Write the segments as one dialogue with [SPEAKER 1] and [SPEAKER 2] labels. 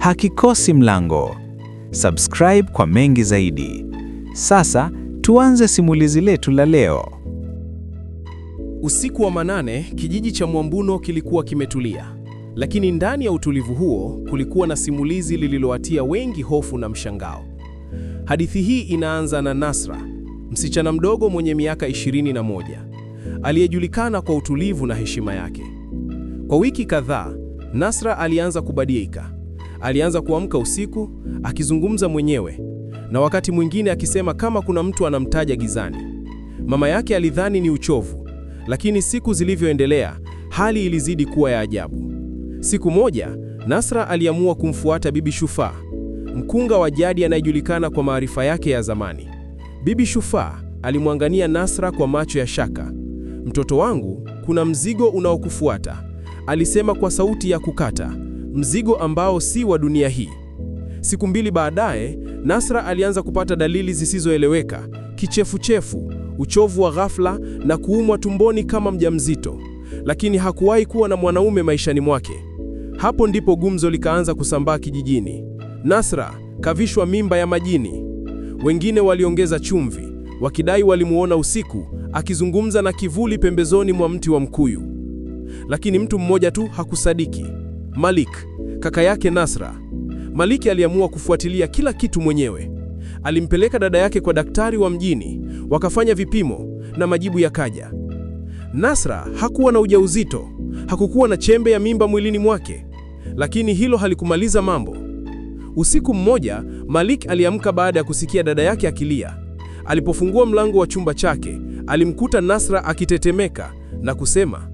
[SPEAKER 1] hakikosi mlango. Subscribe kwa mengi zaidi. Sasa tuanze simulizi letu la leo.
[SPEAKER 2] Usiku wa manane, kijiji cha Mwambuno kilikuwa kimetulia, lakini ndani ya utulivu huo kulikuwa na simulizi lililowatia wengi hofu na mshangao. Hadithi hii inaanza na Nasra, msichana mdogo mwenye miaka 21 aliyejulikana kwa utulivu na heshima yake. Kwa wiki kadhaa, Nasra alianza kubadilika alianza kuamka usiku akizungumza mwenyewe na wakati mwingine akisema kama kuna mtu anamtaja gizani. Mama yake alidhani ni uchovu, lakini siku zilivyoendelea, hali ilizidi kuwa ya ajabu. Siku moja, Nasra aliamua kumfuata Bibi Shufaa, mkunga wa jadi anayejulikana kwa maarifa yake ya zamani. Bibi Shufaa alimwangania Nasra kwa macho ya shaka. Mtoto wangu, kuna mzigo unaokufuata, alisema kwa sauti ya kukata mzigo ambao si wa dunia hii. Siku mbili baadaye, Nasra alianza kupata dalili zisizoeleweka: kichefuchefu, uchovu wa ghafla na kuumwa tumboni kama mjamzito, lakini hakuwahi kuwa na mwanaume maishani mwake. Hapo ndipo gumzo likaanza kusambaa kijijini: Nasra kavishwa mimba ya majini. Wengine waliongeza chumvi, wakidai walimuona usiku akizungumza na kivuli pembezoni mwa mti wa mkuyu, lakini mtu mmoja tu hakusadiki. Malik, kaka yake Nasra. Malik aliamua kufuatilia kila kitu mwenyewe. Alimpeleka dada yake kwa daktari wa mjini, wakafanya vipimo na majibu yakaja. Nasra hakuwa na ujauzito, hakukuwa na chembe ya mimba mwilini mwake, lakini hilo halikumaliza mambo. Usiku mmoja, Malik aliamka baada ya kusikia dada yake akilia. Alipofungua mlango wa chumba chake, alimkuta Nasra akitetemeka na kusema,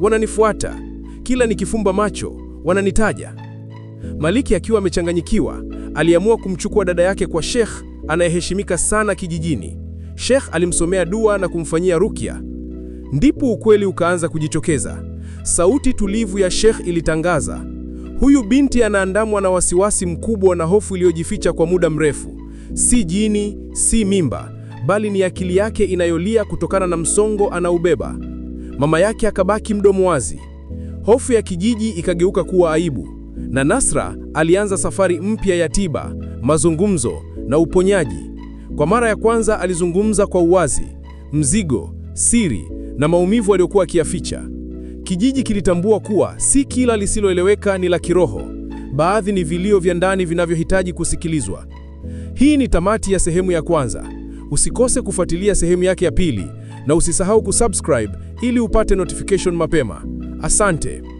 [SPEAKER 2] wananifuata, kila nikifumba macho wananitaja. Maliki akiwa amechanganyikiwa, aliamua kumchukua dada yake kwa Sheikh anayeheshimika sana kijijini. Sheikh alimsomea dua na kumfanyia rukia. Ndipo ukweli ukaanza kujitokeza. Sauti tulivu ya Sheikh ilitangaza, huyu binti anaandamwa na wasiwasi mkubwa na hofu iliyojificha kwa muda mrefu. Si jini, si mimba, bali ni akili yake inayolia kutokana na msongo anaubeba. Mama yake akabaki mdomo wazi. Hofu ya kijiji ikageuka kuwa aibu, na Nasra alianza safari mpya ya tiba, mazungumzo na uponyaji. Kwa mara ya kwanza alizungumza kwa uwazi, mzigo, siri na maumivu aliyokuwa akiyaficha. Kijiji kilitambua kuwa si kila lisiloeleweka ni la kiroho, baadhi ni vilio vya ndani vinavyohitaji kusikilizwa. Hii ni tamati ya sehemu ya kwanza. Usikose kufuatilia sehemu yake ya pili na usisahau kusubscribe ili upate notification mapema. Asante.